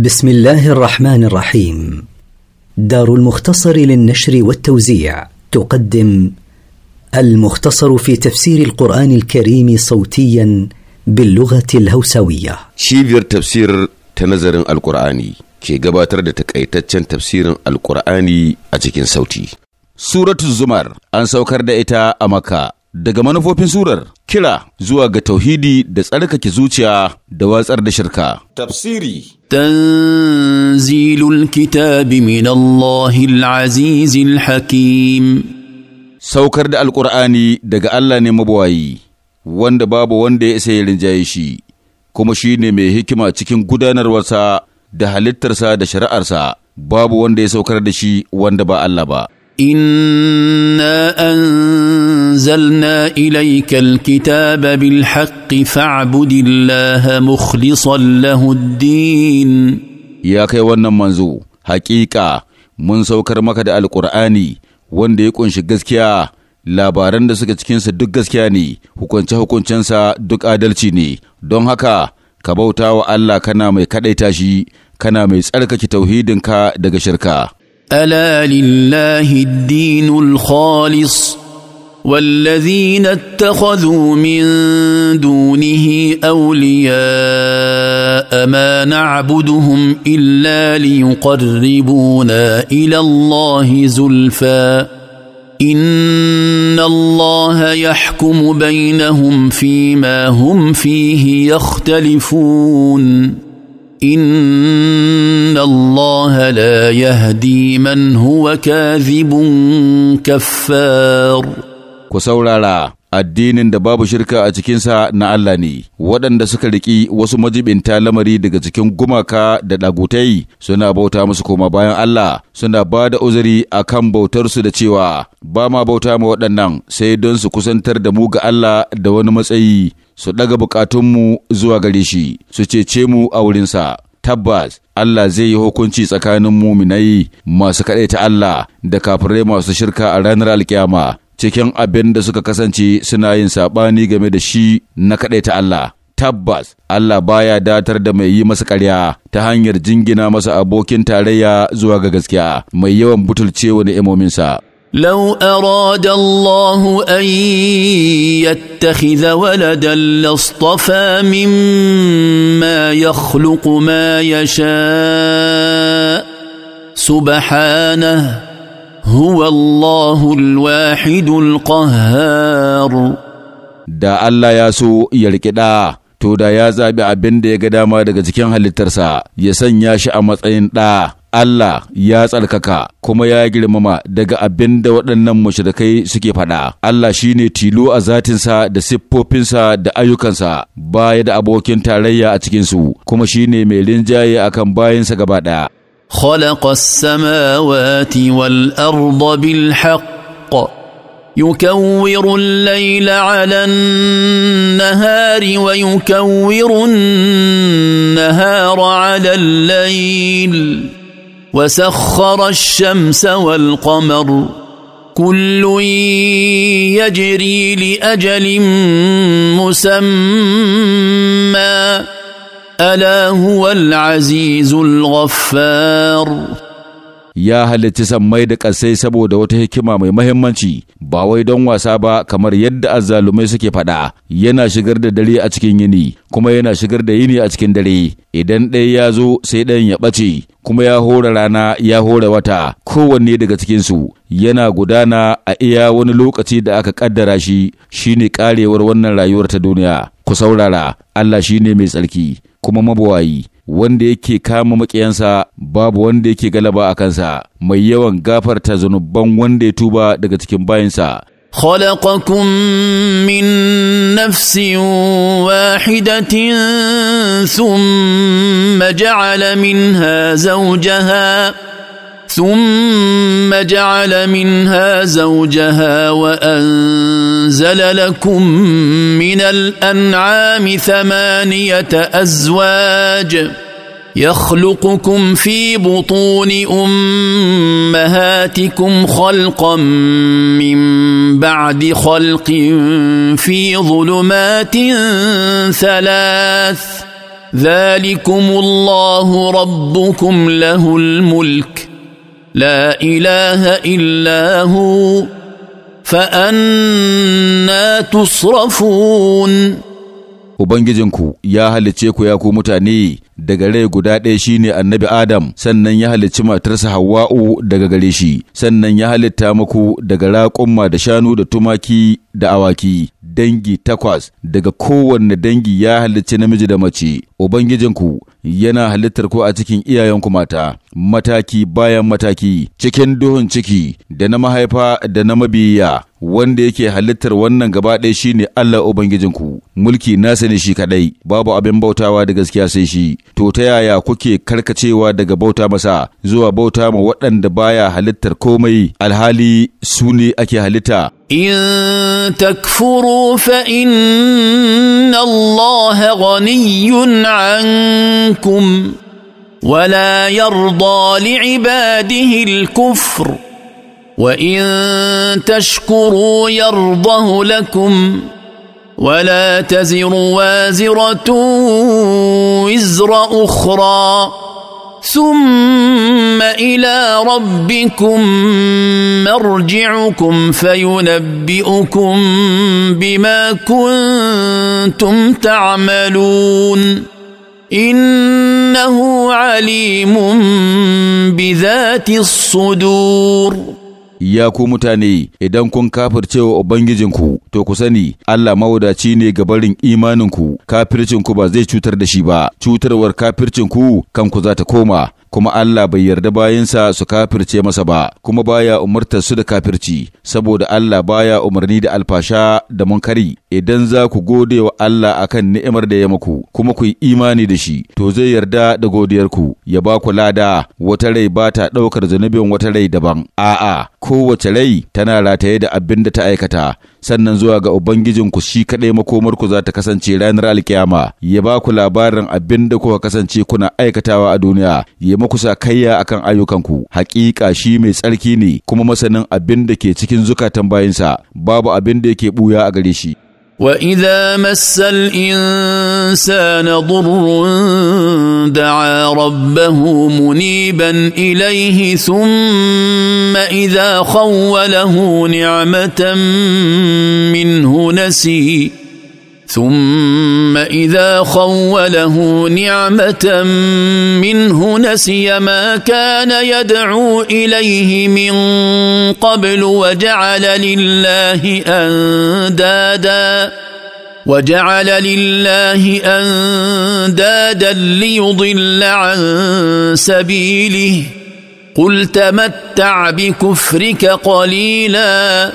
بسم الله الرحمن الرحيم دار المختصر للنشر والتوزيع تقدم المختصر في تفسير القرآن الكريم صوتيا باللغة الهوسوية شيفير تفسير تنظر القرآني كي قباتر تكأيتتشن تفسير القرآني أجيكين صوتي سورة الزمر أنسو كرد إتا أمكا Daga manufofin surar, kira zuwa ga tauhidi da tsarkake zuciya da watsar da shirka. Tafsiri Tanzilul kitabi min Allahil azizil hakim. Saukar da Alƙur'ani daga Allah ne mabawayi, wanda babu wanda ya isa ya rinjayi shi, kuma shi ne mai hikima cikin gudanarwarsa da halittarsa da shari'arsa, babu wanda ya saukar da shi wanda ba Allah ba. انا انزلنا اليك الكتاب بالحق فاعبد الله مخلصا له الدين يا kai wannan manzo haƙiƙa mun saukar maka da alƙur'ani wanda ya ƙunshi gaskiya labaran da suka cikinsa duk gaskiya ne hukunce hukuncensa duk adalci ne don haka ka bauta wa Allah kana mai kaɗaita shi kana mai tsarkake tauhidinka daga shirka الا لله الدين الخالص والذين اتخذوا من دونه اولياء ما نعبدهم الا ليقربونا الى الله زلفى ان الله يحكم بينهم فيما هم فيه يختلفون ان الله لا يهدي من هو كاذب كفار addinin da babu shirka a cikinsa na Allah ne, waɗanda suka riƙi wasu majibinta lamari daga cikin gumaka da ɗagutai suna bauta musu koma bayan Allah suna ba da uzuri a kan bautarsu da cewa ba ma bauta ma waɗannan sai don su kusantar da mu ga Allah da wani matsayi su ɗaga bukatunmu zuwa gare shi su cece mu a wurinsa tabbas Allah zai yi hukunci tsakanin muminai masu kaɗaita Allah da kafirai masu shirka a ranar alkiyama cikin abin da suka kasance suna yin saɓani game da shi na kaɗaita Allah tabbas Allah baya datar da mai yi masa ƙarya ta hanyar jingina masa abokin tarayya zuwa ga gaskiya mai yawan butulcewa imominsa لو اراد الله ان يتخذ ولدا لاصطفى مما يخلق ما يشاء سبحانه هو الله الواحد القهار da Allah ya so ya ɗa, to da ya zaɓi abin da ya ga dama daga cikin halittarsa ya sanya shi a matsayin ɗa Allah ya tsarkaka kuma ya girmama daga abin da waɗannan masharakai suke faɗa. Allah shi ne tilo a zatinsa da siffofinsa da ayyukansa baya da abokin tarayya a cikinsu kuma shi ne mai rinjaye a kan bayansa gaba ɗaya. خلق السماوات والأرض بالحق يكور الليل على النهار ويكور النهار على الليل وسخر الشمس والقمر كل يجري لاجل مسمى الا هو العزيز الغفار ya halicci sammai da ƙasai saboda wata hikima mai mahimmanci ba wai don wasa ba kamar yadda azzalumai suke faɗa yana shigar da dare a cikin yini kuma yana shigar da yini a cikin dare idan ɗaya ya zo sai ɗayan ya ɓace kuma ya hora rana ya hora wata kowanne daga cikinsu yana gudana a iya wani lokaci da aka ƙaddara shi shine ƙarewar wannan rayuwar ta duniya ku saurara Allah shine mai tsarki kuma mabawayi wanda yake kama maƙiyansa babu wanda yake galaba a kansa mai yawan gafarta zunuban wanda ya tuba daga cikin bayansa خلقكم من نفس واحدة ثم جعل منها زوجها ثم جعل منها زوجها وانزل لكم من الانعام ثمانيه ازواج يخلقكم في بطون امهاتكم خلقا من بعد خلق في ظلمات ثلاث ذلكم الله ربكم له الملك لا اله الا هو فانا تصرفون Ubangijinku ya halicce ku ya ku mutane daga rai guda ɗaya shi ne annabi Adam sannan ya halicci matarsa Hawwa'u daga gare shi sannan ya halitta muku daga raƙumma da shanu da tumaki da awaki dangi takwas daga kowanne dangi ya halicci namiji da mace Ubangijinku yana halittar ku a cikin iyayenku mata mataki bayan mataki cikin duhun ciki da na mahaifa da na mabiya wanda yake halittar wannan gaba ɗaya shine Allah Ubangijinku mulki nasa ne shi kaɗai, babu abin bautawa da gaskiya sai shi to ta yaya kuke karkacewa daga bauta masa zuwa bauta ma waɗanda baya halittar komai alhali su ne ake halitta In takfuru fa inna Allah ghaniyyun ankum ولا يرضى لعباده الكفر وان تشكروا يرضه لكم ولا تزر وازره وزر اخرى ثم الى ربكم مرجعكم فينبئكم بما كنتم تعملون انه عليم بذات الصدور ya ku mutane idan kun kafircewa ubangijinku to ku sani Allah mawadaci ne ga barin imaninku kafircinku ba zai cutar da shi ba cutarwar kafircinku kanku za ta koma kuma Allah bai yarda bayansa su kafirce masa ba kuma baya umartar su da kafirci saboda Allah baya umarni da alfasha da munkari idan za ku gode wa Allah akan ni'imar da ya muku kuma ku yi imani da shi to zai yarda da godiyarku ya ba ku lada wata rai ba ta ɗaukar zunubin wata rai daban a'a kowace rai tana rataye da abin da ta aikata sannan zuwa ga Ubangijinku shi kaɗai makomarku za ta kasance ranar alkiyama, ya ba ku labarin abin da kuka kasance kuna aikatawa a duniya, ya muku sakayya akan ayyukanku, hakika shi mai tsarki ne kuma masanin abin da ke cikin zukatan bayinsa, babu abin da yake buya a gare shi. واذا مس الانسان ضر دعا ربه منيبا اليه ثم اذا خوله نعمه منه نسي ثم اذا خوله نعمه منه نسي ما كان يدعو اليه من قبل وجعل لله اندادا وجعل لله اندادا ليضل عن سبيله قل تمتع بكفرك قليلا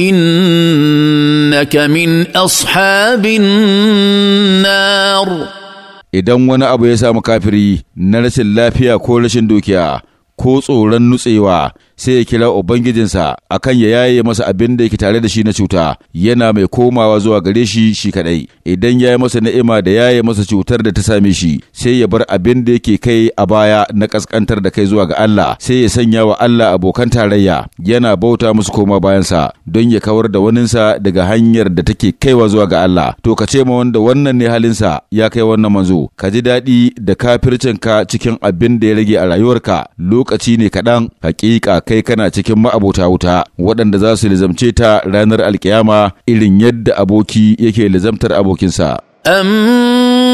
إنك من أصحاب النار idan wani abu ya samu kafiri na rashin lafiya ko rashin dukiya ko tsoron nutsewa sai ya kira ubangijinsa akan ya yaye masa abin da yake tare da shi na cuta yana mai komawa zuwa gare shi shi kadai idan ya yi masa ni'ima da yaye masa cutar da ta same shi sai ya bar abin da yake kai a baya na kaskantar da kai zuwa ga Allah sai ya sanya wa Allah abokan tarayya yana bauta musu koma bayansa don ya kawar da waninsa daga hanyar da take kaiwa zuwa ga Allah to ka ce ma wanda wannan ne halinsa ya kai wannan manzo ka ji daɗi da kafircinka cikin abin da ya rage a rayuwarka lokaci ne kaɗan hakika kai kana cikin ma'abota wuta waɗanda za su lizamce ta ranar alkiyama irin yadda aboki yake lizamtar abokinsa.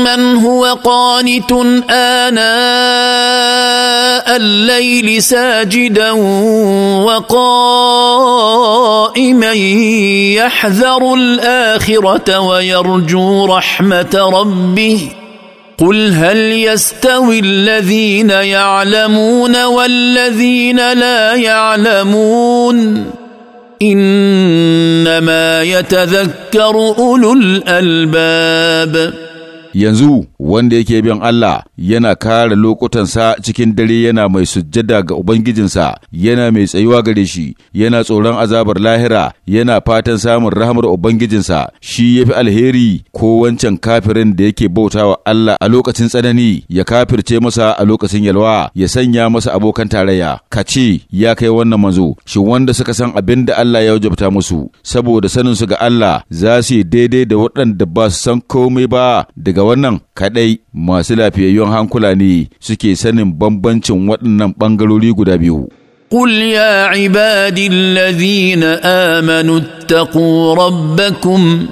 من هو قانت آناء الليل ساجدا وقائما يحذر الآخرة ويرجو رحمة ربه ۖ قل هل يستوي الذين يعلمون والذين لا يعلمون انما يتذكر اولو الالباب yanzu wanda yake bin Allah yana kare lokutansa cikin dare yana mai sujjada ga ubangijinsa yana mai tsayuwa gare shi yana tsoron azabar lahira yana fatan samun rahmar ubangijinsa shi yafi alheri ko wancan kafirin da yake bautawa Allah a lokacin tsanani ya kafirce masa a lokacin yalwa ya sanya masa abokan tarayya ka ce ya kai wannan manzo shi wanda suka san abin da Allah ya wajabta musu saboda sanin su ga Allah za su yi daidai da waɗanda ba su san komai ba daga wannan kadai masu lafiyayyun hankula ne suke sanin bambancin waɗannan ɓangarori guda biyu. قل يا عبادي الذين امنوا اتقوا ربكم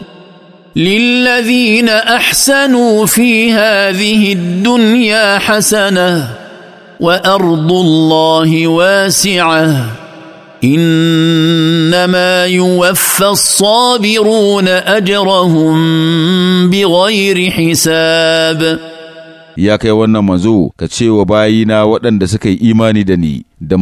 للذين احسنوا في هذه الدنيا حسنه وارض الله واسعه انما يوفى الصابرون اجرهم بغير حساب ya kai wannan manzo ka ce wa bayina waɗanda suka yi imani da ni da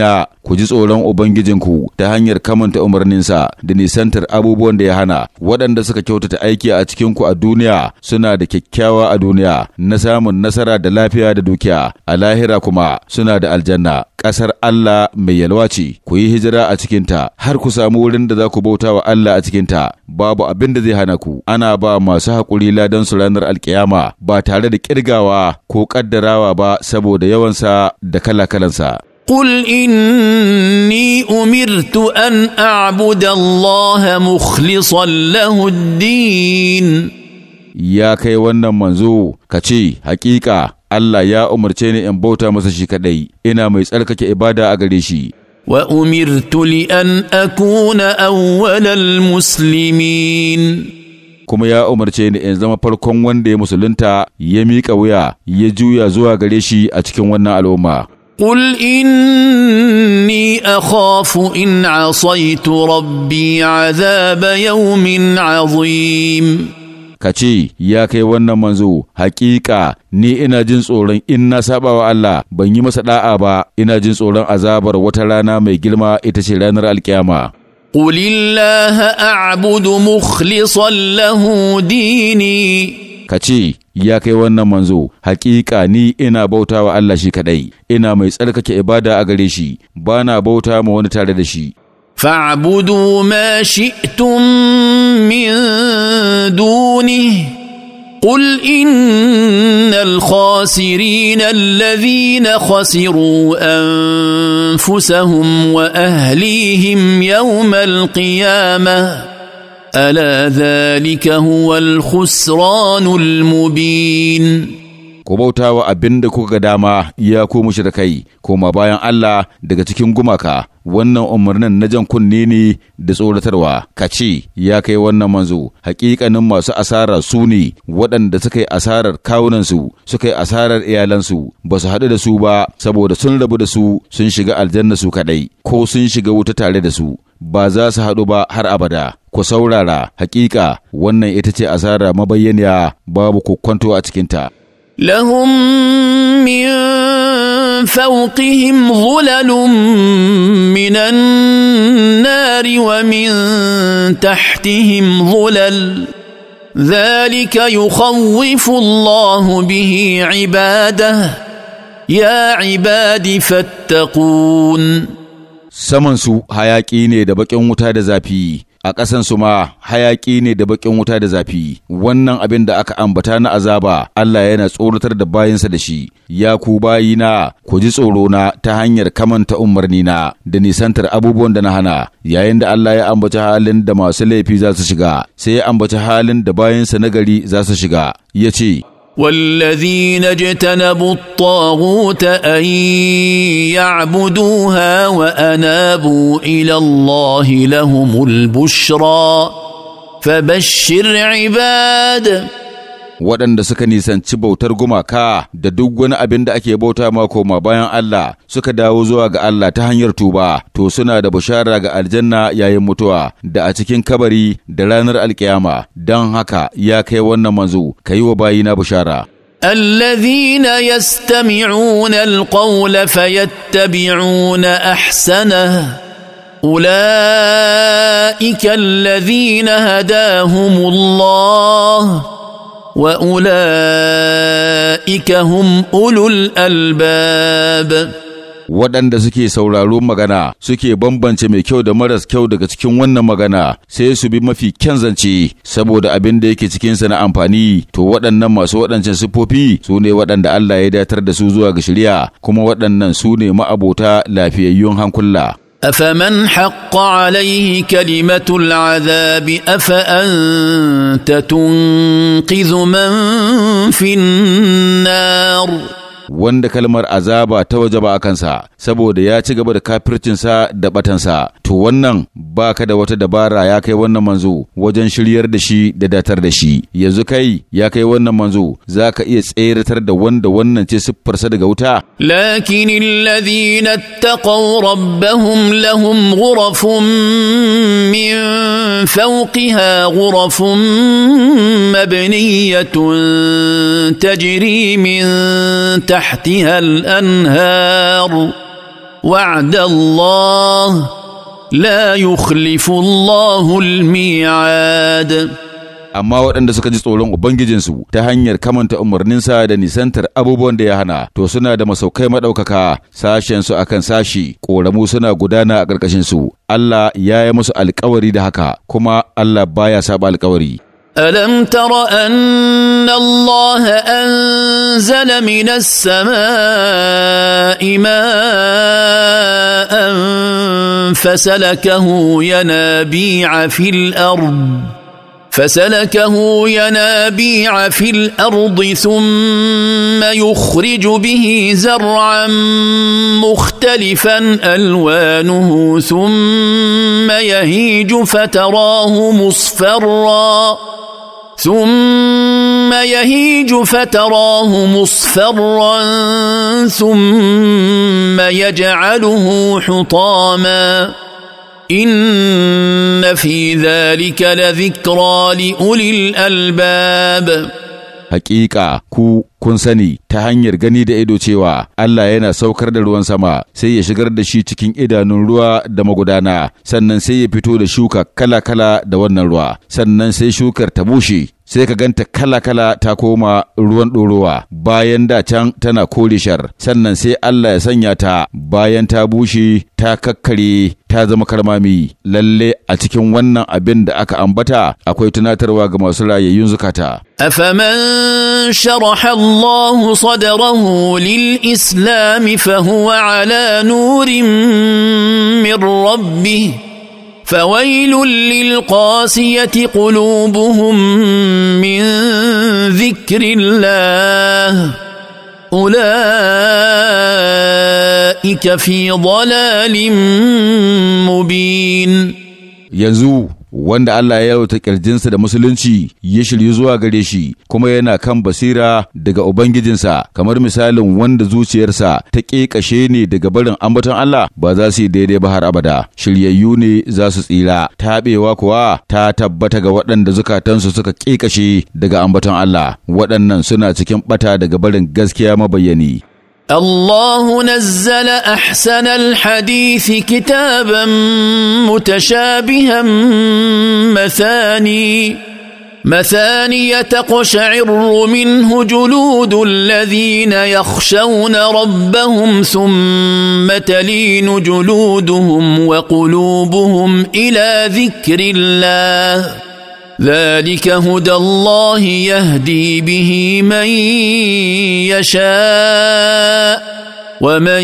na, ku ji tsoron Ubangijinku ta hanyar kamanta umarninsa da nisantar abubuwan da ya hana waɗanda suka kyautata aiki a cikinku a duniya suna da kyakkyawa a duniya na samun nasara da lafiya da dukiya a lahira kuma suna da aljanna ƙasar Allah mai yalwa ce ku yi hijira a cikinta har ku samu wurin da za ku bauta wa Allah a cikinta babu abin da zai hana ku ana ba masu haƙuri ladan su ranar alkiyama ba tare da ƙirgawa ko ƙaddarawa ba saboda yawansa da kala-kalansa. قل اني امرت ان اعبد الله مخلصا له الدين ya kai wannan manzo ka ce Haƙiƙa! Allah ya umarce ni in bauta masa shi kaɗai. ina mai tsarkake ibada a gare shi wa umirtu li an akuna awwalal muslimin kuma ya umarce ni in zama farkon wanda ya musulunta ya miƙa wuya ya juya zuwa gare shi a cikin wannan al'umma قل اني اخاف ان عصيت ربي عذاب يوم عظيم ka ce, Ya kai wannan manzo, hakika ni ina jin tsoron in na saba wa Allah ban yi masa da'a ba, ina jin tsoron azabar wata rana mai girma ita ce ranar alkiyama. Qul Allah a'budu mukhlishan lahu dini ka ce ya kai wannan manzo hakika ni ina bauta wa Allah shi kadai ina mai tsarkake ibada a gare shi bana bauta ma wani tare da shi fa'budu ma shi'tum min dunihi قل khasiru, الخاسرين الذين خسروا wa واهليهم يوم القيامه الا ذلك هو الخسران المبين ku bauta wa abin da kuka ga dama ya da kai, koma bayan Allah daga cikin gumaka wannan umarnin na jan kunne ne da tsoratarwa ka ce ya kai wannan manzo hakikanin masu asara su ne waɗanda suka yi asarar kawunansu suka yi asarar iyalansu ba su haɗu da su ba saboda sun rabu da su sun shiga aljanna su kaɗai ko sun shiga wuta tare da su ba za su haɗu ba har abada. Ku saurara haƙiƙa wannan ita ce asara mabayyana babu ku kwanto a cikinta. Lahum min fawqihim zulalun minan nari min tahtihim zulal. zalika يخوف الله bihi عباده ya عباد فاتقون Saman su hayaƙi ne da baƙin wuta da zafi a su ma hayaƙi ne da baƙin wuta da zafi wannan abin da aka ambata na azaba Allah yana tsoratar da bayansa da shi ya ku bayina ku ji tsoro na ta hanyar kamanta na, da nisantar abubuwan da na hana yayin da Allah ya ambaci halin da masu laifi za su shiga sai ya ambaci halin da bayansa gari za su shiga ya ce والذين اجتنبوا الطاغوت ان يعبدوها وانابوا الى الله لهم البشرى فبشر عباد waɗanda suka nisanci bautar gumaka da duk wani abin da ake bauta ma koma bayan Allah suka dawo zuwa ga Allah ta hanyar tuba to suna da bushara ga aljanna yayin mutuwa da a cikin kabari da ranar alkiyama don haka ya kai wannan manzo ka yi wa bayina bushara الذين يستمعون القول فيتبعون احسنه اولئك الذين هداهم الله وأولئك هم أولو الألباب waɗanda suke sauraro magana suke bambance mai kyau da maras kyau daga cikin wannan magana sai su bi mafi kyan zance saboda abin da yake cikinsa na amfani to waɗannan masu waɗancan siffofi su ne waɗanda Allah ya datar da su zuwa ga shirya kuma waɗannan su ne ma'abota lafiyayyun hankula. افمن حق عليه كلمه العذاب افانت تنقذ من في النار wanda kalmar azaba ta wajaba a kansa saboda ya ci gaba da kafircinsa da batansa to wannan ba ka da wata dabara ya kai wannan manzo wajen shiryar da shi da datar da shi yanzu kai ya kai wannan manzo za ka iya tseratar da wanda wannan ce siffarsa daga wuta lakin alladhina taqaw rabbahum lahum ghurafun min fawqiha ghurafun mabniyatun tajri min تحتها الانهار وعد الله لا يخلف الله الميعاد amma waɗanda suka ji tsoron Ubangijinsu ta hanyar kamanta umarninsa da nisantar abubuwan da ya hana, to suna da masaukai maɗaukaka sashensu a kan sashi, ƙoramu suna gudana a ƙarƙashinsu. Allah ya yi musu alkawari da haka, kuma Allah baya saba alkawari. الم تر ان الله انزل من السماء ماء فسلكه ينابيع في الارض فسلكه ينابيع في الارض ثم يخرج به زرعا مختلفا الوانه ثم يهيج فتراه مصفرا ثم يهيج فتراه مصفرا ثم يجعله حطاما ان في ذلك لذكرى لاولي الالباب Hakika ku kun sani ta hanyar gani da ido cewa Allah yana saukar da ruwan sama sai ya shigar da shi cikin idanun ruwa da magudana sannan sai ya fito da shuka kala-kala da wannan ruwa sannan sai shukar ta bushe sai ka ganta kala-kala ta koma ruwan ɗorowa bayan da can tana kore shar sannan sai Allah ya sanya ta bayan ta bushe ta kakkare ta zama karmami lalle a cikin wannan abin da aka ambata akwai tunatarwa ga masu rayayyun zukata. أفمن شرح الله صدره للإسلام فهو على نور من ربه فويل للقاسيه قلوبهم من ذكر الله اولئك في ضلال مبين يزوق wanda Allah ya rauta ƙirjinsa da musulunci ya shiryu zuwa gare shi kuma yana kan basira daga ubangijinsa kamar misalin wanda zuciyarsa ta ƙeƙashe ne daga barin ambaton Allah ba za su yi daidai ba har abada shiryayyu ne za su tsira taɓewa kuwa ta tabbata ga waɗanda zukatansu suka ƙeƙashe daga ambaton Allah waɗannan suna cikin ɓata daga barin gaskiya mabayyani الله نزل احسن الحديث كتابا متشابها مثاني مثاني تقشعر منه جلود الذين يخشون ربهم ثم تلين جلودهم وقلوبهم الى ذكر الله ذلك هدى الله يهدي به من يشاء ومن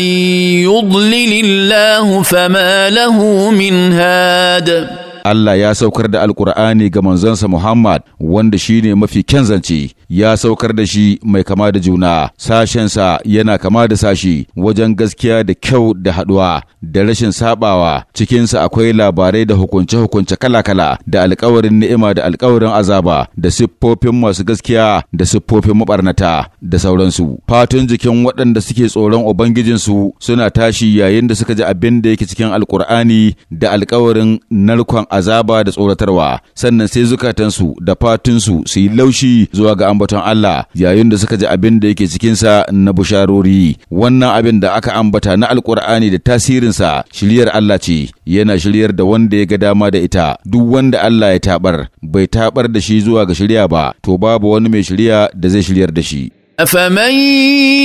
يضلل الله فما له من هاد Allah ya saukar da Alƙur'ani ga manzansa Muhammad wanda shi ne mafi kyan zance, ya saukar da shi mai kama da juna, sashensa yana kama da sashi wajen gaskiya da kyau da haɗuwa da rashin sabawa cikinsa akwai labarai da hukunce-hukunce kala-kala da alkawarin ni'ima da alkawarin azaba da siffofin masu gaskiya da siffofin mabarnata da sauransu. Fatun jikin waɗanda suke tsoron Ubangijinsu suna tashi yayin da suka ji abin da yake cikin alkur'ani da alkawarin narkon azaba da tsoratarwa sannan sai zukatansu da fatunsu su yi laushi zuwa ga ambaton Allah yayin da suka ji abin da yake cikinsa na busharori wannan abin da aka ambata na alkur'ani da tasirinsa shiryar Allah ce yana shiryar da wanda ya ga dama da ita duk wanda Allah ya tabar bai tabar da shi zuwa ga shirya ba to babu wani mai shirya da zai shiryar da shi أفمن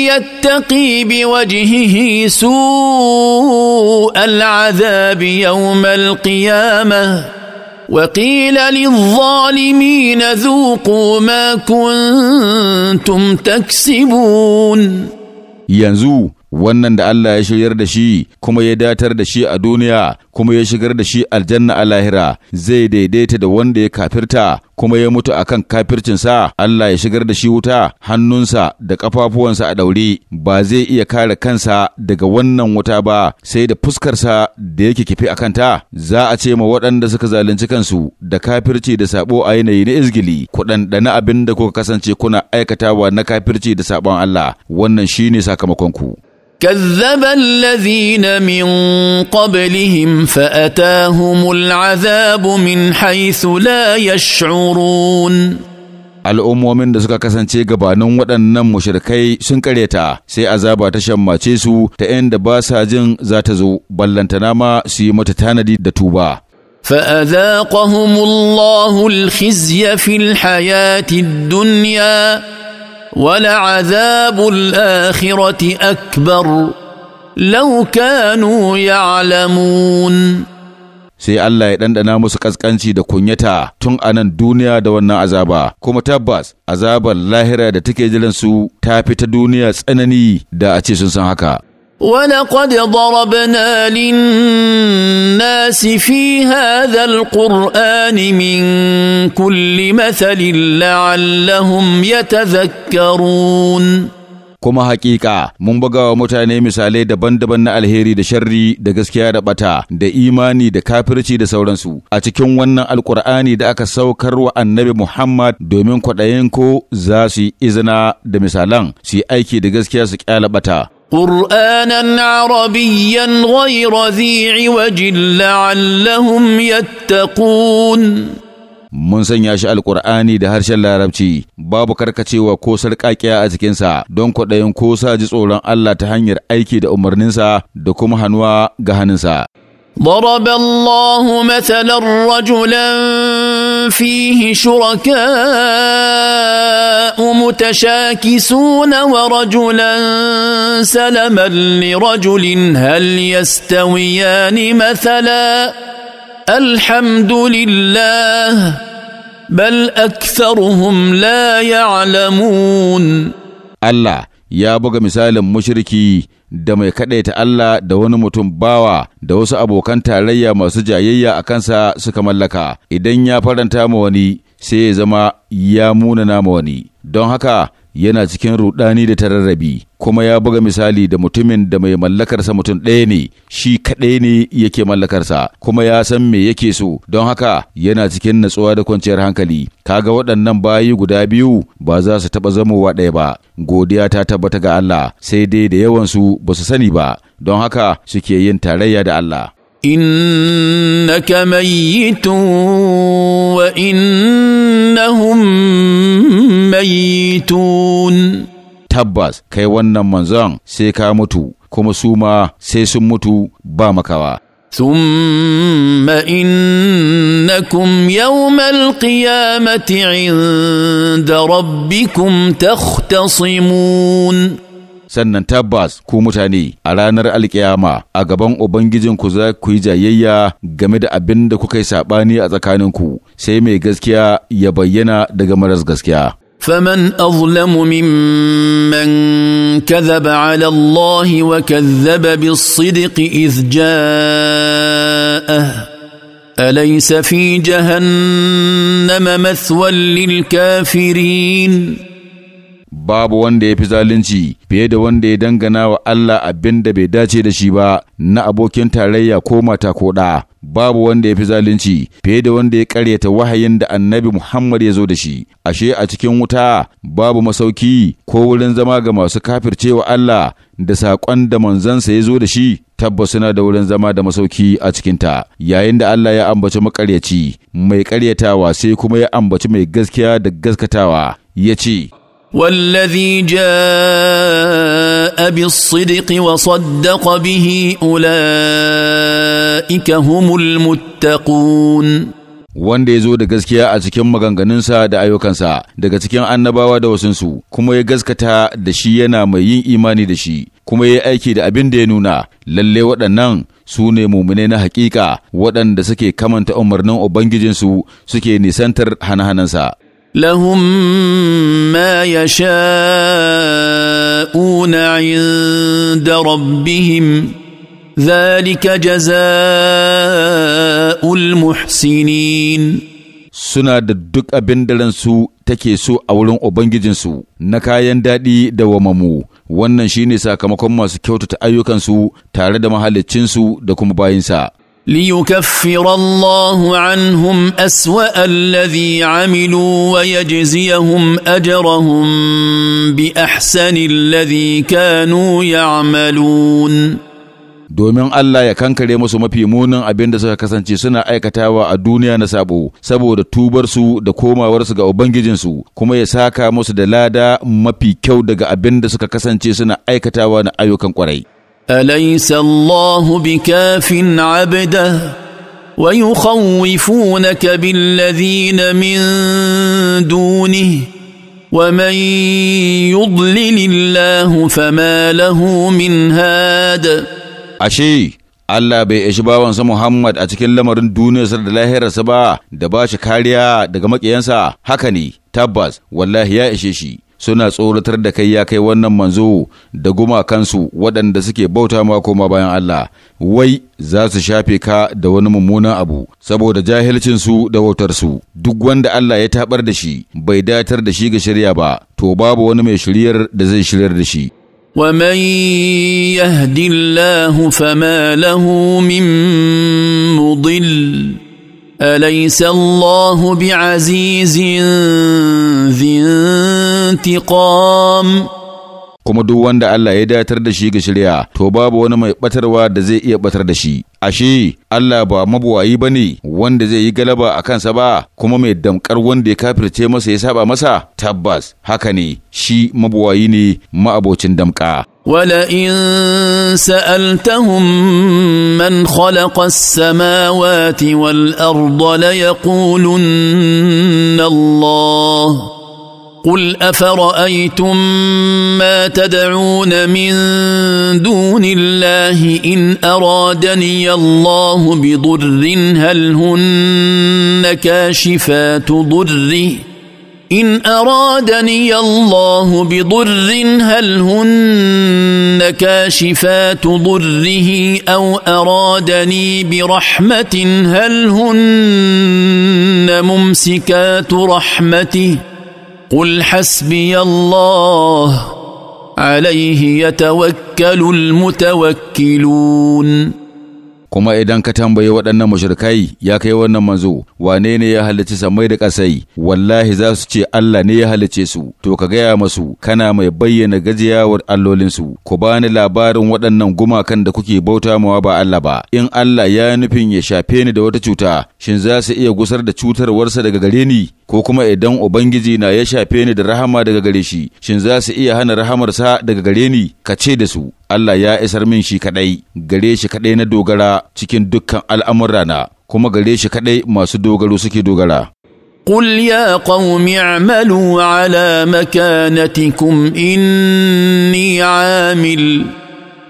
يتقي بوجهه سوء العذاب يوم القيامة وقيل للظالمين ذوقوا ما كنتم تكسبون ينزو wannan da Allah ya shiryar da shi kuma ya datar da shi a duniya kuma ya shigar da shi aljanna a lahira zai daidaita da wanda ya kafirta kuma ya mutu akan kafircinsa Allah ya shigar da shi wuta hannunsa da kafafuwansa a ɗauri ba zai iya kare kansa daga wannan wuta ba sai da fuskarsa da yake kife a kanta za a ce ma waɗanda suka zalunci kansu da kafirci da sabo a yanayi na izgili ku ɗanɗana abin da kuka kasance kuna aikatawa na kafirci da sabon Allah wannan shine sakamakonku. كذب الذين من قبلهم فاتاهم العذاب من حيث لا يشعرون al'ummomin da suka kasance gabanin waɗannan mushrikai sun ƙareta sai azaba ta shammace su ta inda ba sa jin za ta zo ballantana ma su yi mata tanadi da tuba فأذاقهم الله الخزي في الحياة الدنيا ولعذاب الاخره اكبر لو كانوا يعلمون sai Allah ya ɗanɗana musu ƙasƙanci da kunyata tun a nan duniya da wannan azaba, kuma tabbas azabar lahira da take jiransu ta fi ta duniya tsanani da a ce sun san haka. ولقد ضربنا للناس في هذا القران من كل مثل لعلهم يتذكرون kuma hakika mun buga wa mutane misalai daban-daban na alheri da sharri da gaskiya da bata da imani da kafirci da sauransu a cikin wannan alkur'ani da aka saukar wa annabi muhammad domin kwaɗayin ko za su yi izina da misalan su yi aiki da gaskiya su kyala bata قرانا عربيا غير ذي عوج لعلهم يتقون mun sanya shi alkur'ani da harshen larabci babu karkacewa ko sarƙaƙiya a cikinsa don kwaɗayin ko sa ji tsoron Allah ta hanyar aiki da umarninsa da kuma hannuwa ga hannunsa. ضرب الله مثلا رجلا فيه شركاء متشاكسون ورجلا سلما لرجل هل يستويان مثلا الحمد لله بل اكثرهم لا يعلمون الله ya buga misalin mushriki da mai kaɗaita Allah da wani mutum bawa da wasu abokan tarayya masu jayayya a kansa suka mallaka idan ya faranta ma wani sai ya zama ya munana ma wani don haka yana cikin rudani da tararrabi kuma ya buga misali da mutumin da mai mallakarsa mutum ɗaya ne shi kaɗai ne yake mallakarsa kuma ya san me yake so don haka yana cikin natsuwa da kwanciyar hankali kaga waɗannan bayi guda biyu ba za su taɓa zamowa ɗaya ba godiya ta tabbata ga Allah sai dai da yawansu ba su sani ba don haka suke yin tarayya da Allah انك ميت وانهم ميتون tabbas kai wannan manzon sai ka mutu kuma su ma sai sun mutu ba makawa ثم انكم يوم القيامه عند ربكم تختصمون sannan tabbas ku mutane a ranar alkiyama a gaban ubangijinku za ku yi jayayya game da abin da kuka yi saɓani a tsakaninku sai mai gaskiya ya bayyana daga maras gaskiya فمن اظلم ممن كذب على الله وكذب بالصدق اذ جاءه اليس في جهنم مثوى للكافرين babu wanda ya fi zalunci fiye da wanda ya dangana wa Allah abin da bai dace da shi ba na abokin tarayya ko mata ko ɗa. Babu wanda ya fi zalunci fiye da wanda ya karyata wahayin da annabi Muhammad ya zo da shi, ashe a cikin wuta babu masauki ko wurin zama ga masu kafircewa Allah da saƙon da manzansa ya zo da shi tabbas suna da wurin zama da masauki a cikinta yayin da Allah ya ambaci makaryaci mai ƙaryatawa sai kuma ya ambaci mai gaskiya da gaskatawa ya ce والذي جاء بالصدق وصدق به أولئك هم المتقون wanda ya zo da gaskiya a cikin maganganunsa da ayyukansa daga cikin annabawa da wasunsu kuma ya gaskata da shi yana mai yin imani da shi kuma ya aiki da abin da ya nuna lalle waɗannan su ne mummune na hakika waɗanda suke kamanta umarnin ubangijinsu suke nisantar hana-hanansa لهم ما يشاءون عند ربهم ذلك جزاء المحسنين suna da duk abin da ransu take so a wurin Ubangijinsu na kayan daɗi da wamamu, wannan shine sakamakon masu kyautata ayyukansu tare da mahaliccinsu da kuma bayinsa. ليكفر الله عنهم اسوا الذي عملوا ويجزيهم اجرهم باحسن الذي كانوا يعملون domin Allah ya kankare musu mafi munin abin da suka kasance suna aikatawa a duniya na sabo saboda tubarsu da komawarsu ga Ubangijinsu kuma ya saka musu da lada mafi kyau daga abin da suka kasance suna aikatawa na ayyukan kwarai. اليس الله بكاف عبده ويخوفونك بالذين من دونه ومن يضلل الله فما له من هاد ashe Allah bai ishi bawansa Muhammad a cikin lamarin duniyarsa da lahirarsa ba da ba shi kariya daga maƙiyansa haka ne tabbas wallahi ya ishe shi suna tsoratar da kai ya kai wannan manzo da gumakansu waɗanda suke bauta ma koma bayan Allah wai za su shafe ka da wani mummunan abu saboda jahilcinsu da wautarsu duk wanda Allah ya tabar da shi bai datar da shi ga shirya ba to babu wani mai shiryar da zai shiryar da shi ومن yahdillahu الله فما له من مضل اليس الله بعزيز ذي انتقام kuma duk wanda Allah ya datar da shi ga shirya to babu wani mai batarwa da zai iya batar da shi ashe Allah ba mabuwayi bane wanda zai yi galaba a kansa ba kuma mai damkar wanda ya kafirce masa ya saba masa tabbas haka ne shi mabuwayi ne ma'abocin damka ولئن سالتهم من خلق السماوات والارض ليقولن الله قل افرايتم ما تدعون من دون الله ان ارادني الله بضر هل هن كاشفات ضره ان ارادني الله بضر هل هن كاشفات ضره او ارادني برحمه هل هن ممسكات رحمته قل حسبي الله عليه يتوكل المتوكلون kuma idan ka tambaye waɗannan mushrikai ya kai wannan manzo wane ne ya halicci samai da ƙasai wallahi za su ce Allah ne ya halicce su to ka gaya masu kana mai bayyana gajiyawar allolinsu ku bani labarin waɗannan gumakan da kuke bauta mawa ba Allah ba in Allah ya nufin ya shafe ni da wata cuta shin za su iya gusar da cutarwarsa daga gare ni ko kuma idan ubangiji na ya shafe ni da rahama daga gare shi shin za su iya hana rahamarsa daga gare ni ka ce da su Allah ya isar min shi kaɗai, gare shi kaɗai na dogara cikin dukkan al'amurana, kuma gare shi kaɗai masu dogaro suke dogara. قل يا قوم in ni مكانتكم إني عامل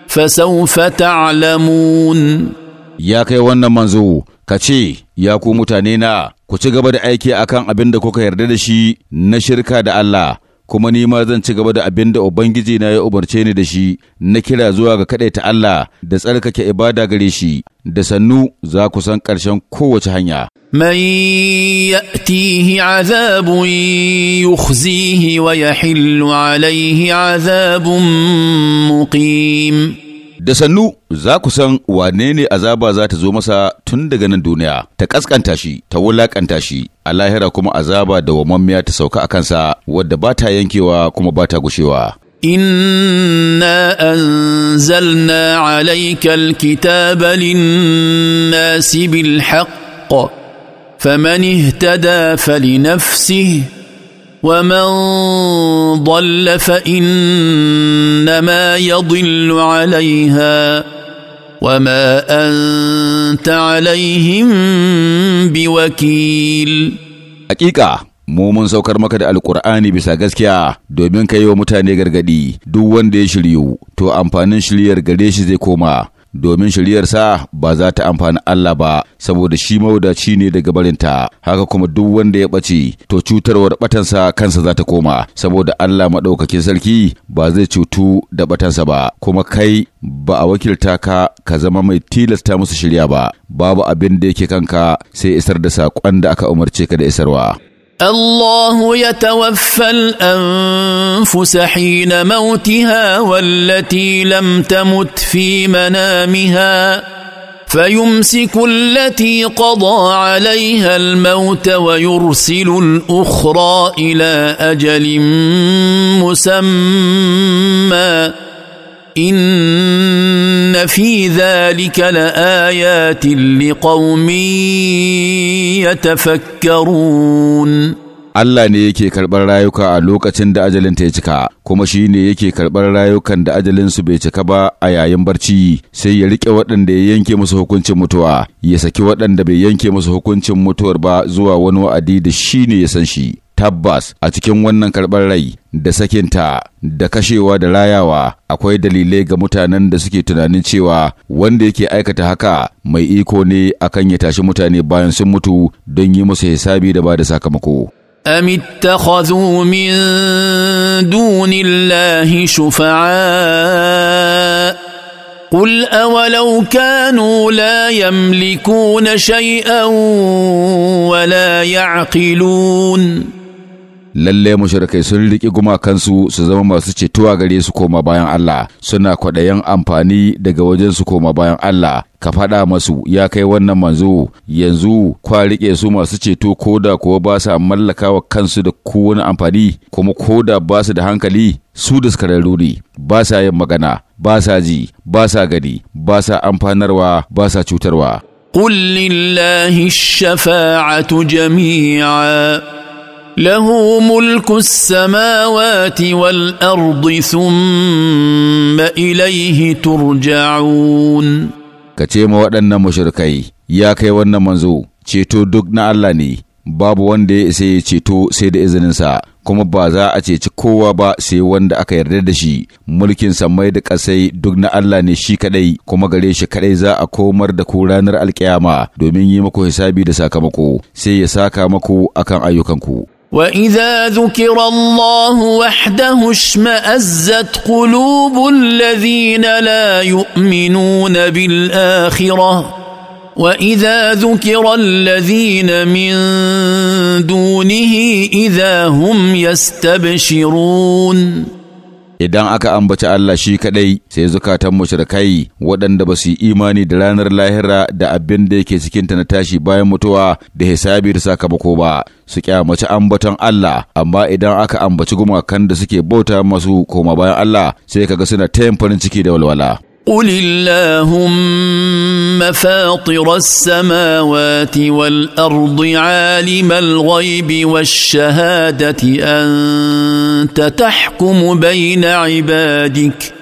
فسوف تعلمون Ya kai wannan manzo ka ce ya ku mutane na ku ci gaba da aiki akan abin da kuka yarda da shi na shirka da Allah kuma ni ma zan ci gaba da abin da Ubangiji na ya umarce ni da shi, na kira zuwa ga kaɗaita Allah da tsarkake ibada gare shi, da sannu za ku san ƙarshen kowace hanya. Mai من يأتيه عذاب wa yahillu alaihi azabun muƙim. da sannu za ku san wane ne azaba za ta zo masa tun daga nan duniya ta kaskanta shi ta wulaƙanta shi a lahira kuma azaba da wamammiya ta sauka a kansa wadda ba ta yankewa kuma ba ta gushewa انا انزلنا haƙƙo, fa mani ta da fali nafsi. ومن ضل فانما يضل عليها وما انت عليهم بوكيل حقيقه mu mun saukar maka da alkur'ani bisa gaskiya domin ka yi wa mutane gargadi duk wanda ya shiryu to amfanin shiryar gare shi zai koma domin sa ba za ta amfani Allah ba saboda shi mawadaci ne daga barinta haka kuma duk wanda ya ɓace to cutarwar batansa kansa za ta koma saboda Allah maɗaukakin sarki ba zai cutu da batansa ba kuma kai ba a wakilta ka ka zama mai tilasta musu shirya ba babu abin da yake kanka sai isar da saƙon da aka umarce ka da isarwa. الله يتوفى الانفس حين موتها والتي لم تمت في منامها فيمسك التي قضى عليها الموت ويرسل الاخرى الى اجل مسمى ان في ذلك لايات لقوم يتفكرون Allah ne yake karɓar rayuka a lokacin da ajalinta ya cika, kuma shi ne yake karɓar rayukan da ajalinsu bai cika ba a yayin barci, sai ya riƙe waɗanda ya yanke musu hukuncin mutuwa, ya saki waɗanda bai yanke musu hukuncin mutuwar ba zuwa wani wa'adi da shi ne ya san shi. tabbas a cikin wannan karɓar rai da sakinta da kashewa da rayawa akwai dalilai ga mutanen da suke tunanin cewa wanda yake aikata haka mai iko ne akan ya tashi mutane bayan sun mutu don yi musu hisabi da ba da sakamako. أم اتخذوا من دون الله شفعاء قل أولو كانوا لا يملكون شيئا ولا يعقلون lalle mushrikai sun riƙi gumakansu su zama masu cetuwa gare su koma bayan Allah suna kwaɗayin amfani daga wajen su koma bayan Allah ka faɗa masu ya kai wannan manzo yanzu kwa riƙe su masu ceto ko da kuwa ba su mallaka wa kansu da kowane amfani kuma koda da ba su da hankali su da suka ne ba sa yin magana ba sa ji ba sa gani ba sa amfanarwa ba sa cutarwa قل لله الشفاعة جميعا له ملك السماوات والارض ثم اليه ترجعون kace ma waɗannan mushrikai ya kai wannan manzo ceto duk na Allah ne babu wanda ya isa ya ceto sai da izininsa kuma ba za a ceci kowa ba sai wanda aka yarda da shi mulkin sammai da ƙasai duk na Allah ne shi kaɗai, kuma gare shi kaɗai za a komar da ku ranar alkiyama domin yi maku hisabi da sakamako sai ya saka maku akan ayyukanku واذا ذكر الله وحده اشمازت قلوب الذين لا يؤمنون بالاخره واذا ذكر الذين من دونه اذا هم يستبشرون idan aka ambaci Allah shi kadai sai zukatan mushrikai waɗanda ba su yi imani da ranar lahira da abin da yake cikin ta na tashi bayan mutuwa da hisabi da sakamako ba su kyamaci ambaton Allah amma idan aka ambaci gumakan da suke bauta masu koma bayan Allah sai kaga suna tayin farin ciki da walwala قل اللهم فاطر السماوات والارض عالم الغيب والشهاده انت تحكم بين عبادك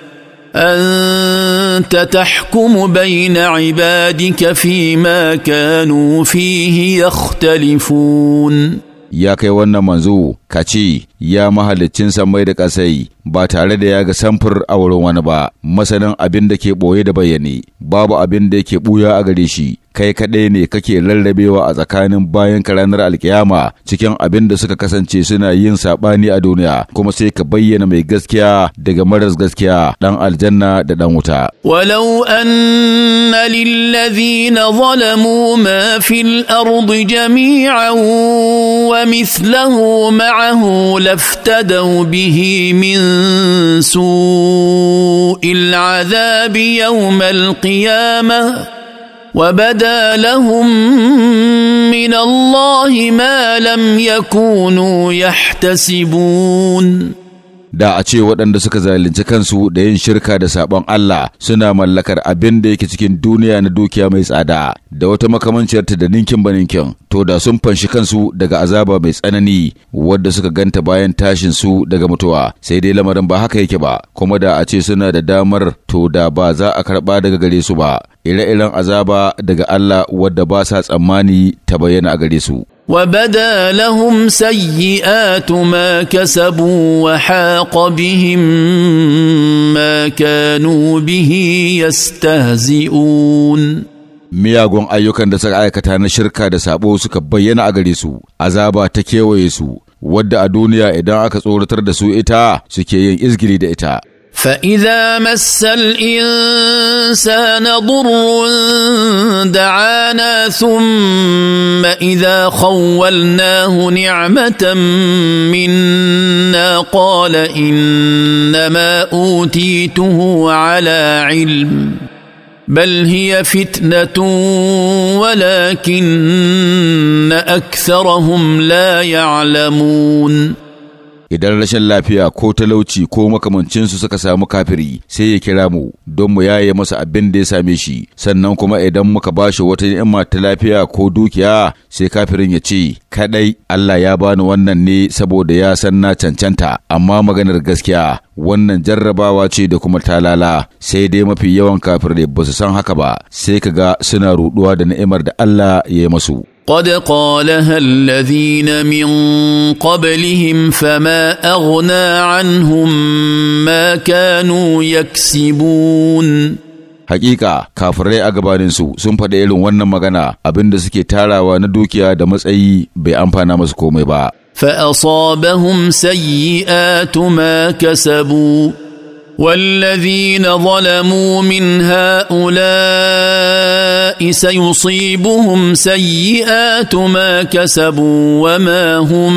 انت تحكم بين عبادك فيما كانوا فيه يختلفون يا كي منزو ka ce ya mahalicin mai da ƙasai ba tare da ya ga samfur a wurin wani ba masanin abin da ke ɓoye da bayani babu abin da yake ɓuya a gare shi kai kaɗai ne kake lallabewa a tsakanin bayan ka ranar alkiyama cikin abin da suka kasance suna yin saɓani a duniya kuma sai ka bayyana mai gaskiya daga maras gaskiya ɗan aljanna da ɗan wuta. walau an lillazina zalamu ma fil ardi jami'an wa mithlahu ma'a معه لافتدوا به من سوء العذاب يوم القيامه وبدا لهم من الله ما لم يكونوا يحتسبون da a ce waɗanda suka zalunci kansu da yin shirka da sabon Allah suna mallakar abin da yake cikin duniya na dukiya mai tsada da wata ta da ninkin baninkin to da sun fanshi kansu daga azaba mai tsanani wadda suka ganta bayan tashin su daga mutuwa sai dai lamarin ba haka yake ba kuma da a ce suna da damar to da ba za a karɓa daga gare su ba ire-iren azaba daga Allah wadda ba sa tsammani ta bayyana a gare su وبدا لهم سيئات ما كسبوا وحاق بهم ما كانوا به يستهزئون miyagun ayyukan da suka aikata na shirka da sabo suka bayyana a gare su azaba ta kewaye su wadda a duniya idan aka tsoratar da su ita suke yin izgiri da ita فإذا مس الإنسان ضر دعانا ثم إذا خولناه نعمة منا قال إنما أوتيته على علم بل هي فتنة ولكن أكثرهم لا يعلمون idan rashin lafiya ko talauci ko makamancinsu suka samu kafiri sai ya kira mu don mu yaye masa abin da ya same shi sannan kuma idan muka ba shi wata ni'ima ta lafiya ko dukiya sai kafirin ya ce kadai Allah ya bani wannan ne saboda ya san na cancanta amma maganar gaskiya wannan jarrabawa ce da kuma talala sai dai mafi yawan kafirai ba su san haka ba sai ka ga suna ruɗuwa da ni'imar da Allah ya yi masu قد قالها الذين من قبلهم فما اغنى عنهم ما كانوا يكسبون Hakika kafirai a gabaninsu sun faɗi irin wannan magana Abin da suke tarawa na dukiya da matsayi bai amfana masu komai ba. Fa'asabahum sayyi'atu ma kasabu والذين ظلموا من هؤلاء سيصيبهم سيئات ما كسبوا وما هم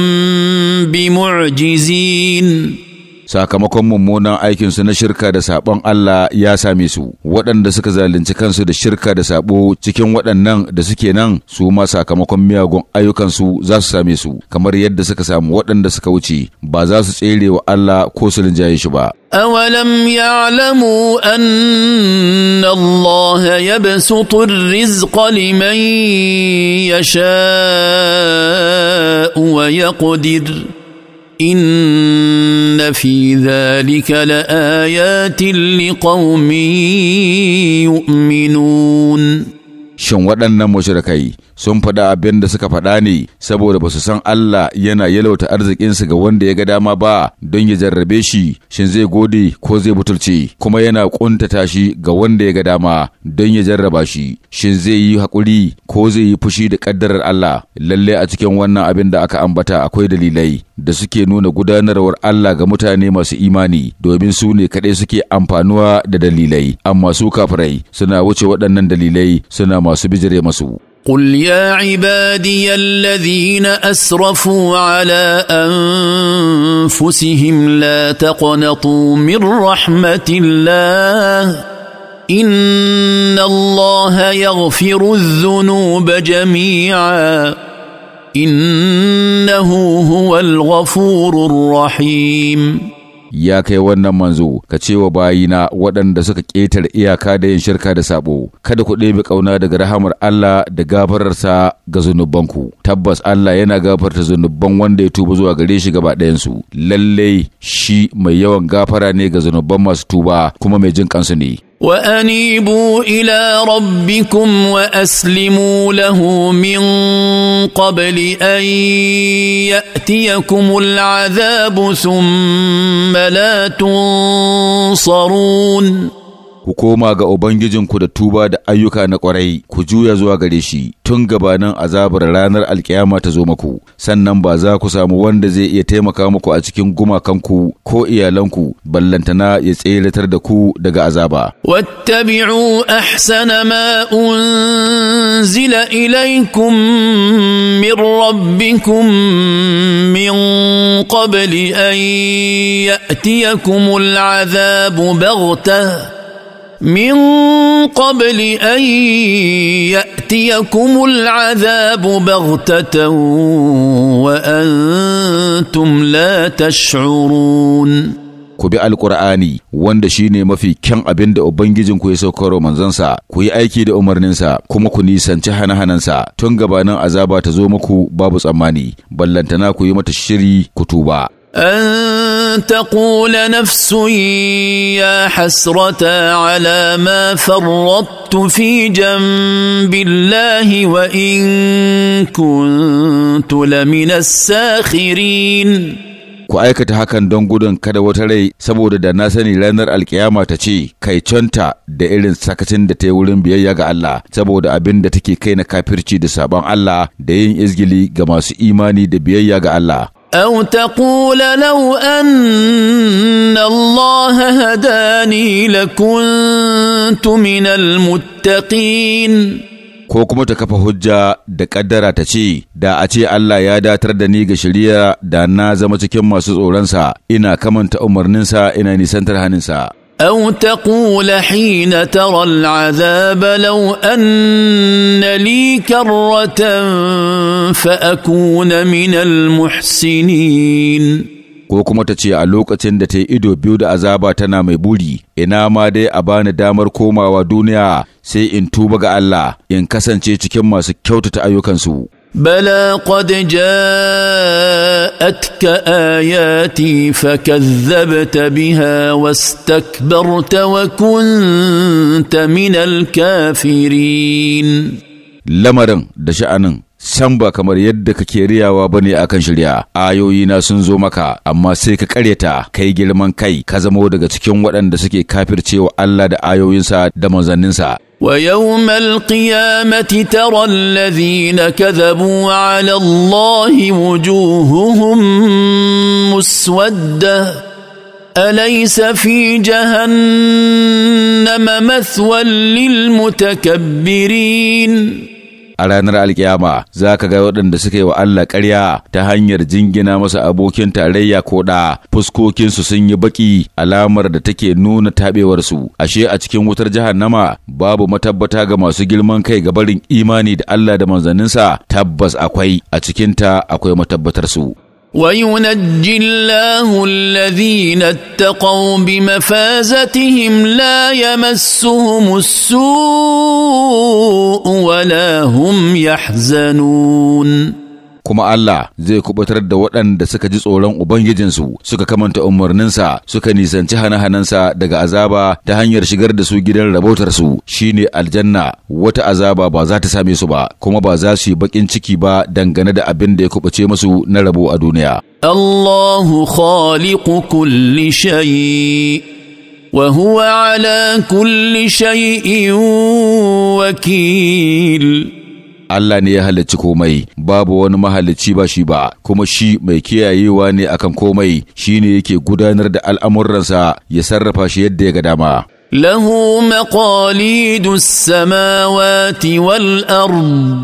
بمعجزين sakamakon mummunan aikinsu na shirka da sabon Allah ya same su waɗanda suka zalunci kansu da shirka da saɓo cikin waɗannan da suke nan su ma sakamakon miyagun ayyukansu za su same su kamar yadda suka samu waɗanda suka wuce ba za su tsere wa Allah ko su rinjaye shi ba أولم يعلموا أن الله يبسط الرزق لمن يشاء ويقدر ان في ذلك لايات لقوم يؤمنون shin waɗannan mushrikai sun faɗa abin da suka faɗa ne saboda ba su san Allah yana yalauta arzikinsu ga wanda ya ga dama ba don ya jarrabe shi shin zai gode ko zai butulce kuma yana ƙuntata shi ga wanda ya ga dama don ya jarraba shi shin zai yi haƙuri ko zai yi fushi da ƙaddarar Allah lalle a cikin wannan abin da aka ambata akwai dalilai da suke nuna gudanarwar Allah ga mutane masu imani domin su ne kaɗai suke amfanuwa da dalilai amma su kafirai suna wuce waɗannan dalilai suna masu masu bijire قل يا عبادي الذين اسرفوا على انفسهم لا تقنطوا من رحمه الله ان الله يغفر الذنوب جميعا انه هو الغفور الرحيم ya kai wannan manzo ka ce wa bayina waɗanda suka ƙetare iyaka da yin shirka da sabo kada ku ɗebe ƙauna daga rahamar Allah da gafararsa ga zunubanku tabbas Allah yana gafarta zunuban wanda ya tuba zuwa gare shi gaba ɗayansu lallai shi mai yawan gafara ne ga zunuban masu tuba kuma mai jin kansu ne وانيبوا الى ربكم واسلموا له من قبل ان ياتيكم العذاب ثم لا تنصرون ku koma ga Ubangijinku da tuba da ayyuka na ƙwarai, ku juya zuwa gare shi tun gabanin azabar ranar alkiyama ta zo maku, sannan ba za ku samu wanda zai iya taimaka muku a cikin gumakanku ko iyalanku ballantana ya tseratar da ku daga azaba. Wattabi'u ahsana ma unzila ilaikum min rabbikum min qabli an ya'tiyakum al'azabu baghtah من قبل ان ياتيكم العذاب بغته وانتم لا تشعرون ku bi alkur'ani wanda shine mafi kyan abin da Ubangijin ku ya saukaro manzansa ku yi aiki da umarninsa kuma ku nisanci hana-hanansa tun gabanin azaba ta zo muku babu tsammani ballantana ku yi mata shiri ku tuba أن تقول نفس يا حسرة على ما فرطت في جنب الله وإن كنت لمن الساخرين ku aikata hakan don gudun kada wata rai saboda da na sani ranar alkiyama ta ce kai conta da irin sakacin da ta yi wurin biyayya ga Allah saboda abin da take kai na kafirci da sabon Allah da yin izgili ga masu imani da biyayya ga Allah او تقول لو ان الله هداني لكنت من المتقين ko kuma ta kafa hujja da ƙaddara ta ce, Da a ce Allah ya datar da ni ga shirya da na zama cikin masu tsoronsa, ina kamanta umarninsa ina nisantar haninsa. أو تقول حين ترى العذاب لو أن لي كرة فأكون من المحسنين ko kuma ta ce a lokacin da ta yi ido biyu da azaba tana mai buri ina ma dai a bani damar komawa duniya sai in tuba ga Allah in kasance cikin masu kyautata ayyukansu بلى قد جاءتك اياتي فكذبت بها واستكبرت وكنت من الكافرين لمرن دشانن san ba kamar yadda kake riyawa bane akan shirya ayoyi na sun zo maka amma sai ka karyata kai girman kai ka zamo daga cikin waɗanda suke kafircewa Allah da ayoyinsa da manzanninsa ويوم القيامة ترى الذين كذبوا على الله وجوههم مسودة أليس في جهنم مثوى للمتكبرين a ranar alkiyama za ka ga waɗanda suka yi wa Allah ƙarya ta hanyar jingina masa abokin tarayya ko da fuskokinsu sun yi baki alamar da take nuna taɓewarsu ashe a cikin wutar jahannama babu matabbata ga masu girman kai ga barin imani da Allah da manzanninsa tabbas akwai a cikinta akwai matabbatar su وينجي الله الذين اتقوا بمفازتهم لا يمسهم السوء ولا هم يحزنون kuma Allah zai kubutar da waɗanda suka ji tsoron Ubangijinsu suka kamanta umarninsa suka nisanci hana-hanansa daga azaba ta hanyar shigar da su gidan rabotarsu shine aljanna wata azaba ba za ta same su ba kuma ba za su yi baƙin ciki ba dangane da abin da ya kubuce musu na rabo a duniya. Allahu khaliqu kulli shay وهو على كل شيء وكيل Allah ne ya halicci komai babu wani mahalicci ba shi ba kuma shi mai kiyayewa ne akan komai shine yake gudanar da al'amuransa ya sarrafa shi yadda ya ga dama له مقاليد السماوات والارض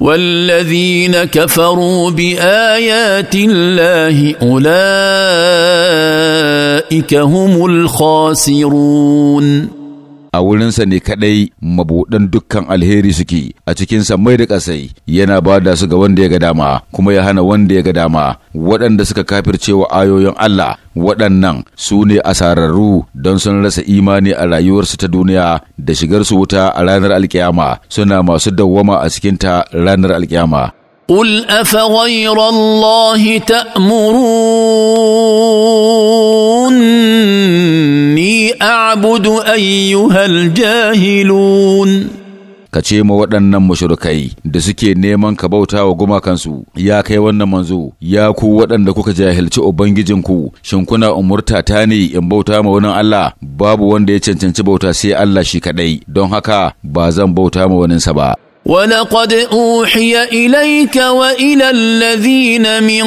والذين كفروا بايات الله اولئك هم الخاسرون a wurinsa ne kadai mabuɗan dukkan alheri suke a cikin mai da ƙasai yana ba da su ga wanda ya ga dama kuma ya hana wanda ya ga dama waɗanda suka kafircewa ayoyin Allah waɗannan su ne asararru don sun rasa imani a rayuwarsu ta duniya da shigarsu wuta a ranar alkiyama suna masu dawwama a cikinta ranar alkiyama قل افغير الله تامروني اعبد ايها الجاهلون ka ce ma waɗannan mashirukai da suke neman ka bauta wa gumakansu ya kai wannan manzo ya ku waɗanda kuka jahilci ubangijinku shin kuna umurta ne in bauta ma wani Allah babu wanda ya cancanci bauta sai Allah shi kaɗai don haka ba zan bauta ma waninsa ba ولقد اوحي اليك والى الذين من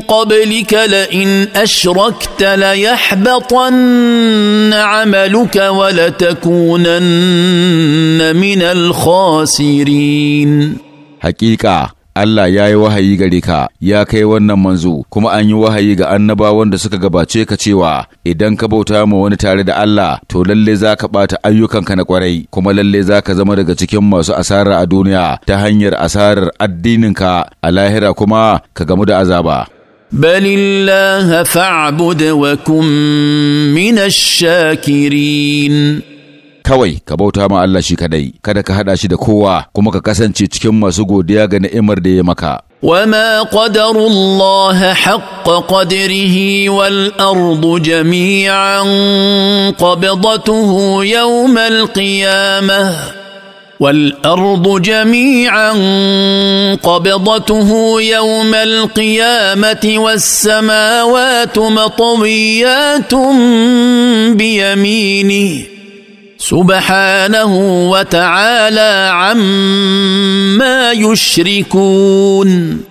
قبلك لئن اشركت ليحبطن عملك ولتكونن من الخاسرين حقيقه Allah ya yi wahayi gare ka ya kai wannan manzo kuma an yi wahayi ga annabawan da suka gabace ka cewa idan ka bauta ma wani tare da Allah to lalle za ka ɓata ayyukanka na kwarai kuma lalle za ka zama daga cikin masu asara a duniya ta hanyar asarar addininka a lahira kuma ka gamu da azaba. بل الله فاعبد وكن من الشاكرين kawai ka bauta ma Allah shi kadai kada ka hada shi da kowa kuma ka kasance cikin masu godiya ga ni'imar da ya maka وما قدر الله حق قدره والارض جميعا قبضته يوم القيامه والارض جميعا قبضته يوم القيامه والسماوات مطويات بيمينه سبحانه وتعالى عما يشركون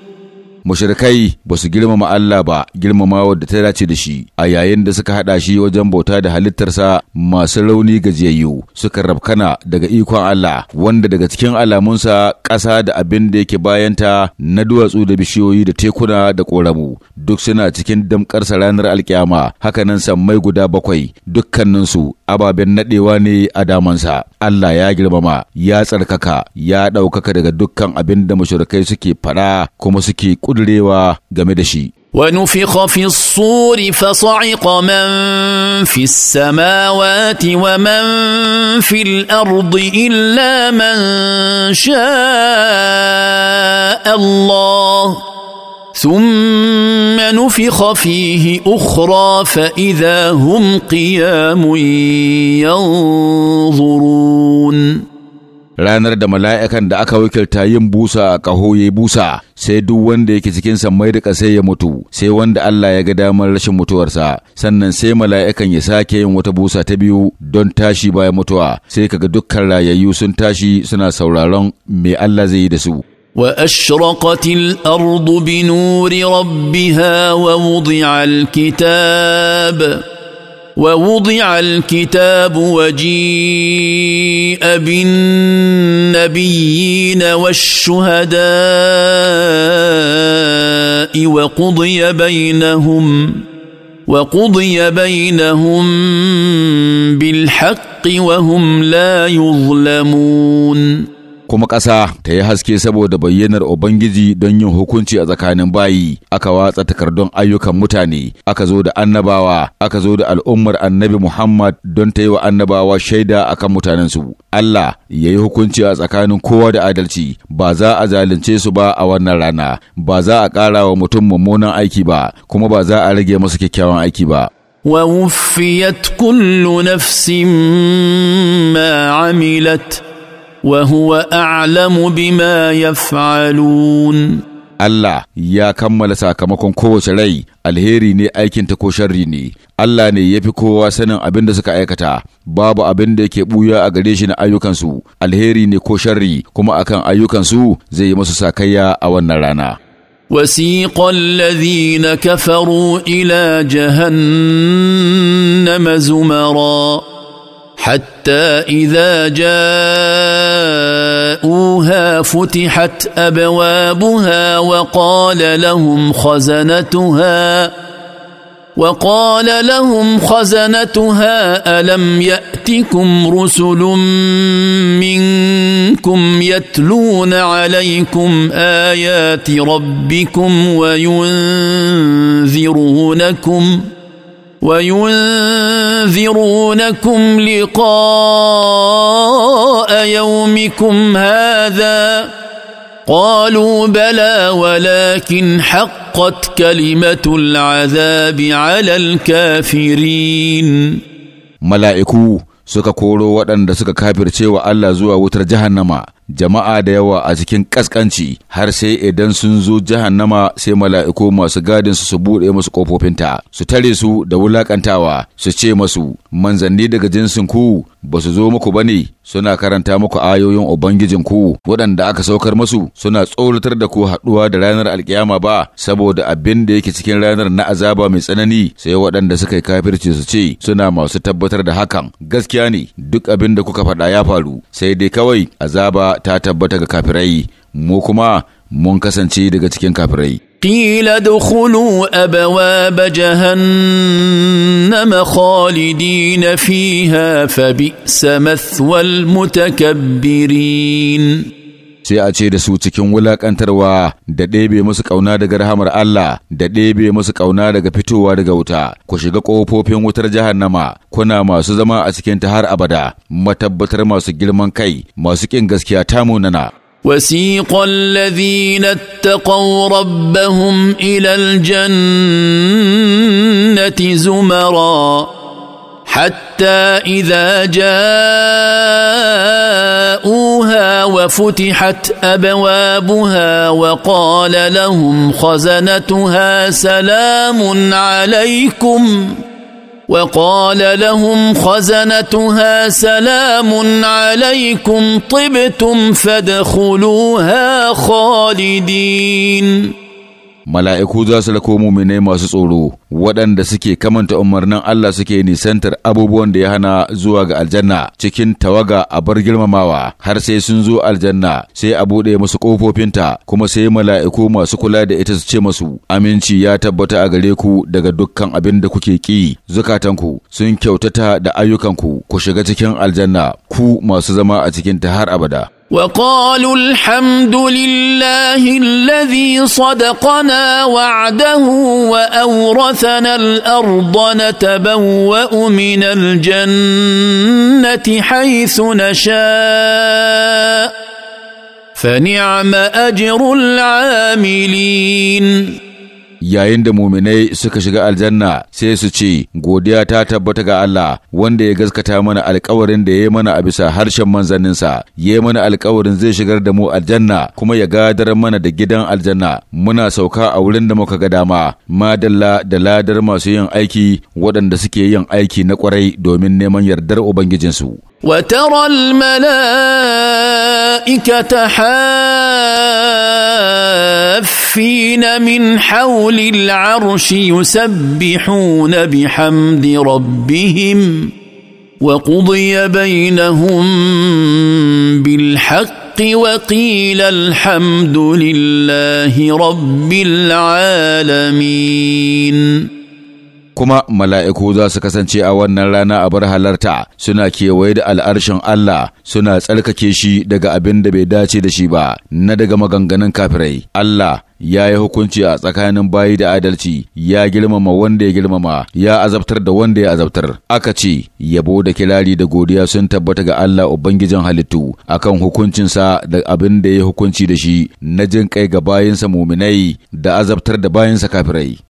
mushrikai ba su girmama Allah ba girmamawa da ta dace da shi a yayin da suka hada shi wajen bauta da halittarsa masu rauni gajiyayyu suka rabkana daga ikon Allah wanda daga cikin alamunsa ƙasa da abin da yake bayanta na duwatsu da bishiyoyi da tekuna da ƙoramu duk suna cikin damƙarsa ranar alkiyama hakanan mai guda bakwai dukkaninsu ababen nadewa ne a damansa Allah ya girmama ya tsarkaka ya ɗaukaka daga dukkan abin da mushrikai suke faɗa kuma suke bijirewa game da shi. ونفخ في الصور فصعق من في السماوات ومن في الارض الا من شاء الله ثم نفخ فيه اخرى فاذا هم قيام ينظرون ranar da mala'ikan da aka wakilta yin busa a ƙaho ya busa sai duk wanda yake cikin sammai da ƙasai ya mutu sai wanda Allah ya ga damar rashin mutuwarsa sannan sai mala'ikan ya sake yin wata busa ta biyu don tashi bayan mutuwa sai kaga dukkan rayayyu sun tashi suna sauraron me Allah zai yi da su واشرقت الارض بنور ربها ووضع الكتاب ووضع الكتاب وجيء بالنبيين والشهداء وقضي بينهم وقضي بينهم بالحق وهم لا يظلمون kuma ƙasa ta yi haske saboda bayyanar Ubangiji don yin hukunci a tsakanin bayi, aka watsa takardun ayyukan mutane, aka zo da annabawa, aka zo da al'ummar annabi Muhammad don ta yi wa annabawa shaida a kan mutanensu. Allah ya yi hukunci a tsakanin kowa da adalci, ba za a zalunce su ba a wannan rana, ba za a ƙara wa mutum mummunan aiki ba, kuma ba za a rage masu kyakkyawan aiki ba. ووفيت كل نفس ما عملت وهو أعلم بما يفعلون Allah ya kammala sakamakon kowace rai alheri ne aikinta ko sharri ne, Allah ne ya fi kowa sanin abin da suka aikata, babu abin da yake ɓuya a gare shi na ayyukansu, alheri ne ko sharri kuma akan ayyukansu zai yi masu sakayya a wannan rana. وسيق الذين كفروا إلى جهنم زمرًا حتى اذا جاءوها فتحت ابوابها وقال لهم خزنتها وقال لهم خزنتها الم ياتكم رسل منكم يتلون عليكم ايات ربكم وينذرونكم ۖ وينذرونكم لقاء يومكم هذا قالوا بلى ولكن حقت كلمه العذاب على الكافرين ملائكو suka koro waɗanda suka kafirce wa Allah zuwa wutar jahannama jama'a da yawa a cikin ƙasƙanci har sai idan sun zo jahannama sai mala'iku masu gadin su su buɗe musu ƙofofinta su tare su da wulaƙantawa su ce masu manzanni daga jinsin ku ba su zo muku ba ne suna karanta muku ayoyin ubangijin ku waɗanda aka saukar musu suna tsoratar da ku haɗuwa da ranar alkiyama ba saboda abin da yake cikin ranar na azaba mai tsanani sai waɗanda suka yi kafirci su ce suna masu tabbatar da hakan gaskiya ne duk abin da kuka faɗa ya faru sai dai kawai azaba ta tabbata ga kafirai mu kuma mun kasance daga cikin kafirai قيل ادخلوا ابواب جهنم خالدين فيها فبئس مثوى المتكبرين sai a ce da su cikin wulakantarwa da ɗebe musu ƙauna daga rahamar Allah da ɗebe musu ƙauna daga fitowa daga wuta ku shiga ƙofofin wutar jahannama kuna masu zama a cikin ta har abada matabbatar masu girman kai masu ƙin gaskiya ta munana وسيق الذين اتقوا ربهم إلى الجنة زمرًا حتى اذا جاءوها وفتحت ابوابها وقال لهم خزنتها سلام عليكم وقال لهم خزنتها سلام عليكم طبتم فادخلوها خالدين mala'iku za su rako muminai masu tsoro waɗanda suke kamanta umarnin Allah suke nisantar abubuwan da ya hana zuwa ga aljanna cikin tawaga a bar girmamawa har sai sun zo aljanna sai a buɗe masu ƙofofinta kuma sai mala'iku masu kula da ita su ce masu aminci ya tabbata a gare ku daga dukkan abin da kuke ƙi zukatanku sun kyautata da ayyukanku ku shiga cikin aljanna ku masu zama a cikinta har abada. وقالوا الحمد لله الذي صدقنا وعده واورثنا الارض نتبوا من الجنه حيث نشاء فنعم اجر العاملين yayin da muminai suka shiga aljanna sai su ce godiya ta tabbata ga Allah wanda ya gaskata mana alkawarin da ya yi mana a bisa harshen manzanninsa ya yi mana alkawarin zai shigar da mu aljanna kuma ya gadar mana da gidan aljanna muna sauka a wurin da muka ga dama madalla da ladar masu yin aiki waɗanda suke yin aiki na kwarai domin neman yardar ubangijinsu وترى الملائكه حافين من حول العرش يسبحون بحمد ربهم وقضي بينهم بالحق وقيل الحمد لله رب العالمين kuma mala'iku za su kasance a wannan rana a bar halarta suna kewaye da al'arshin Allah suna tsarkake shi daga abin da bai dace da shi ba na daga maganganun kafirai Allah ya yi hukunci a tsakanin bayi da adalci ya girmama wanda ya girmama ya azabtar da wanda ya azabtar aka ce yabo da kirari da godiya sun tabbata ga Allah ubangijin halittu akan hukuncinsa da abin da ya hukunci da shi na jin kai ga bayinsa muminai da azabtar da bayinsa kafirai